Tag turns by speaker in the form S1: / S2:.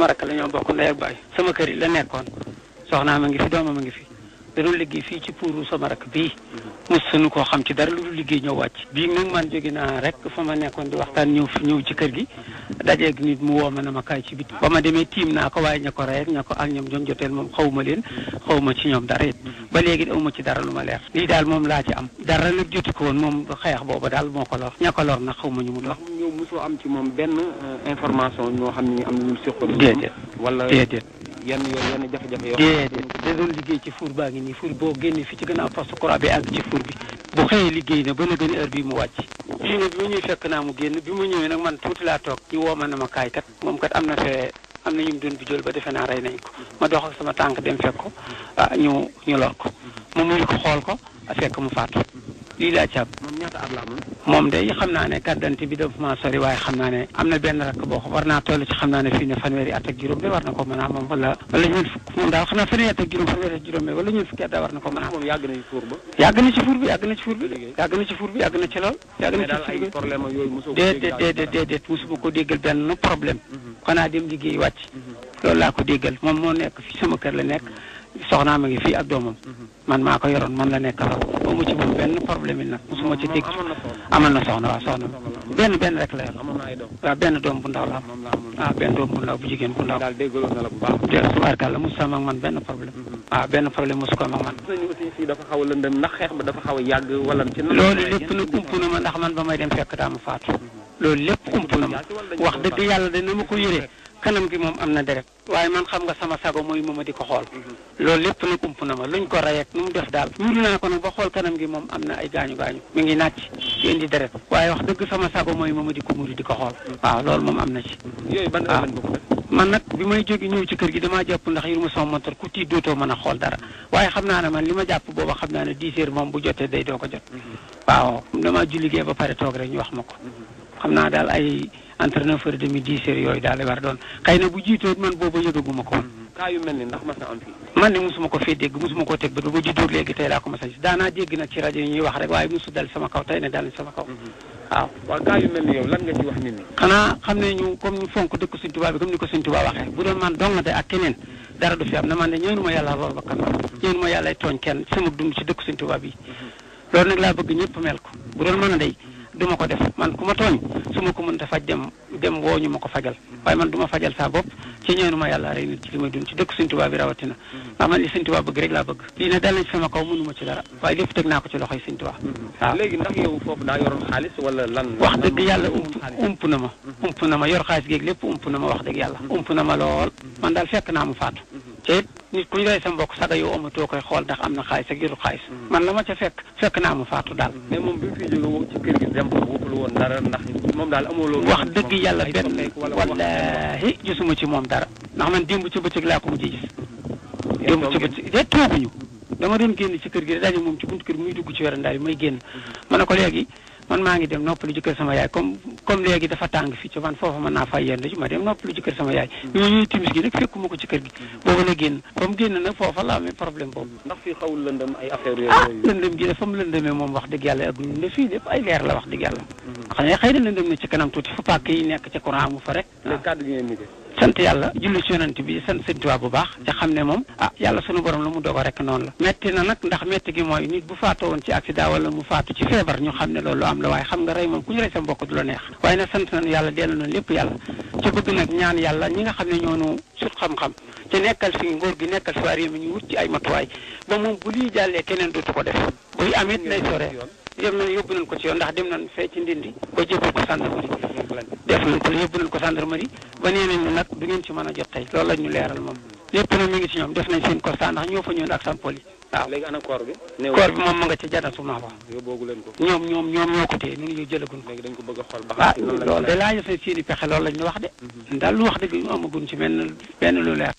S1: sama rakk la ñoo bokk ndey baay sama kër yi la nekkoon soxnaa na ngi fi doomam ngi fi da doon liggéey fii ci puuru sama rek bii mos suñu koo xam ci dara lu dul liggéey ñëw wàcc bii nag man jóge naa rek fa ma nekkoon di waxtaan ñëw ñëw ci kër gi dajeeg nit mu woo ma ne ma kaay ci biti ba ma demee tiim naa ko waaye ña ko rey ña ko ak ñoom ñoom joteel moom xaw ma leen xaw ma ci ñoom dara it ba léegi amu ci dara lu ma leer lii daal moom laa ci am dara nag jotu ko woon moom xeex booba daal moo ko lor ña ko lor nag xaw ma ñu mu dox ñëw mosoo am ci moom benn euh, information ñoo xam ne am nañu séqoon déedéet wala déedéet yenn yoo yenn jafe-jafe yoo da doon liggéey ci fuur baa ngi nii fuur boo génnee fi ci gën a am poste courant bi àgg ci fuur bi bu xëyee liggéey na ba na benn heure mu wàcc lii ne bi ma ñuy fekk naa mu génn bi ma ñëwee nag man tuuti laa toog ñu woo ma na ma kaay kat moom kat am na fee am na ñu doon bijool ba defe naa rey nañ ko ma dox ak sama tànk dem fekk ko ah ñu ñu lor ko ma mujj ko xool ko a fekk mu faatu lii laa ci ñaata at la amoon.
S2: moom day xam
S1: naa ne carte d'identité bi dafa maa sori waaye xam naa ne am na benn rakk boo xam war naa toll ci xam naa ne fii ne fanweeri at juróom de war na ko mën a moom wala wala ñun fukk moom daal xam naa fanweeri at juróom fanweeri ak juróom wala ñun fukki at daal war na ko mën a moom yàgg na ci fuur ba yàgg na ci fuur bi yàgg na ci fuur bi yàgg na ci lool yàgg na ci fuur bi déedéet déedéet déedéet musuma ko déggal benn problème mhm. xanaa dem liggéey wàcc mhm. loolu laa ko déggal moom moo nekk fi sama kër la nekk mhm. soxnaa ma ngi fii ak doomam mhm. man maa ko yoroon man la nekkaloon ba mu ci moom benn problème ci dégg na soxna waaw soxna benn benn rek la yor waaw benn doom bu ndaw man benn problème waaw mhm. ah, benn ko am a a loolu lépp nag ump na ma ndax man ba may dem fekk daa ma faatu mhm. loolu lépp ump na ma wax dëgg yàlla de na ma ko yëree kanam gi moom am na deret waaye man xam nga sama sago mooy ma ma di ko xool mhm. loolu lépp nag ump na ma luñ ko rey ak nu mu def daal wuuru naa ko nag ba xool kanam gi moom am na ay gaañu-gaañu ngi nàcc ci indi waaye wax dëgg sama sago mooy ma di ko di ko xool mhm. waaw loolu moom am na ci mhm. waaw man nag bi may jógi ñëw ci kër gi damaa jàpp ndax yur ma sama montar ku tiit dootoo mën a xool dara waaye xam naa ne man li ma jàpp booba xam naa ne dix heures moom bu jotee day doo ko jot waaw damaa julligee ba pare toog rek ñu wax ma ko xam naa daal ay entre neuf heures demi dix heures yooyu daal di war doon xëy na bu jiitoo man booba yëgaguma ko woon. mel ni ndax mas am fii. man de mosuma ko fee dégg mosuma koo teg ba ba juddoo léegi tey laa ko mas a gis daanaa dégg nag ci rajo ñuy wax rek waaye mosu dal sama kaw tey ne dal sama kaw. Mhm. waaw waaw mel ni yow lan nga ci wax nit ñi. xanaa xam ne ñu comme ñu fonk dëkk suñ tubaab bi comme ni ko suñ tubaab tubaab yi loolu nag laa bëgg a du ma ko def man ku ma tooñ su ma ko mënta faj dem dem woo ñu ma ko fajal waaye man duma fajal saa bopp ci ñaanu ma yàlla rek nit ci li may ci dëkk Sëñ Tuubaa bi rawatina ndax man li Sëñ bëgg rek laa bëgg lii ne dal nañ sama kaw mënuma ci dara waaye lépp teg naa ko ci loxoy Sëñ Tuubaa waaw daa yoroon wala lan wax dëgg yàlla ump na ma ump na ma yor xaalis géeg lépp ump na ma wax dëgg yàlla ump na ma lool man daal fekk naa mu faatu te nit kuy rey sa mbokk sax yow amatoo koy xool ndax am na xaalis ak yorul xaalis hmm. man la ma ca fekk fekk naa ma faatu daal. Hmm. mais moom bi fi jóge ci kër gi dem ko waxul woon dara ndax moom daal amuloo. wax dëgg yàlla benn wallaahi gisuma ci moom dara ndax man démb ci bëccëg laa ko mujj gis. Hmm. démb ci bëccëg de tooguñu dama doon génn ci kër gi daje moom ci buntu kër muy dugg ci werandaay bi may génn. ma ne ko léegi man maa ngi dem noppali jëkkër sama yaay comme comme léegi dafa tàng fi ci man foofu mën naa fay yendu ci ma dem noppalu ci kër sama yaay bi ma timis gi nag fekkuma ko ci kër gi mhm. boobu la génn ba mu génn nag foofa la amee problème boobu ndax fii xawul lëndëm ay affaire yooyu ah lëndëm gi dafa mu lëndëmee moom wax dëgg yàlla ak ñu ne fii lépp ay leer la wax dëgg yàlla mhm. xam ne xëy na lëndëm na ci kanam tuuti fa pàkk yi nekk ca courant mu fa rek sant yàlla julli ci yonent bi sant sëñ Tuubaa bu baax te xam ne moom ah yàlla sunu borom lu mu dogal rek noonu la metti na nag ndax metti gi mooy nit bu faatoo woon ci accident wala mu faatu ci feebar ñu xam ne loolu am la waaye xam nga rey moom ku ñu rey sa mbokk du la neex waaye nag sant nañu yàlla dellu nañu lépp yàlla ci bëgg nag ñaan yàlla ñi nga xam ne ñoonu sut xam-xam te nekkal fi ngóor gi nekkal fi waa réew mi ñu wut ci ay matuwaay ba moom bu lii jàllee keneen dootu ko def buy yom nañ yóbbu nañ ko ci yoon ndax dem nañ fee ci ndindi ba jébbal ko gendarmerie def nañ ko yóbbu nañ ko gendarmerie ba nee nañ nag du ngeen ci mën a jot tey loolu la leeral moom lépp nag mi ngi ci ñoom def nañ seen constat ndax ñoo fa ñëwoon ak sampol moom ma nga ca jadatu ma wax yóbboogu ñoom ñoom ñoom ñoo ko téye ñu ñu jëlagun ko dañ ko bëgg a xool ba da ah, seen i pexe loolu lañ ñu wax de mhm. daal lu wax dëgg amagun ci benn lu leer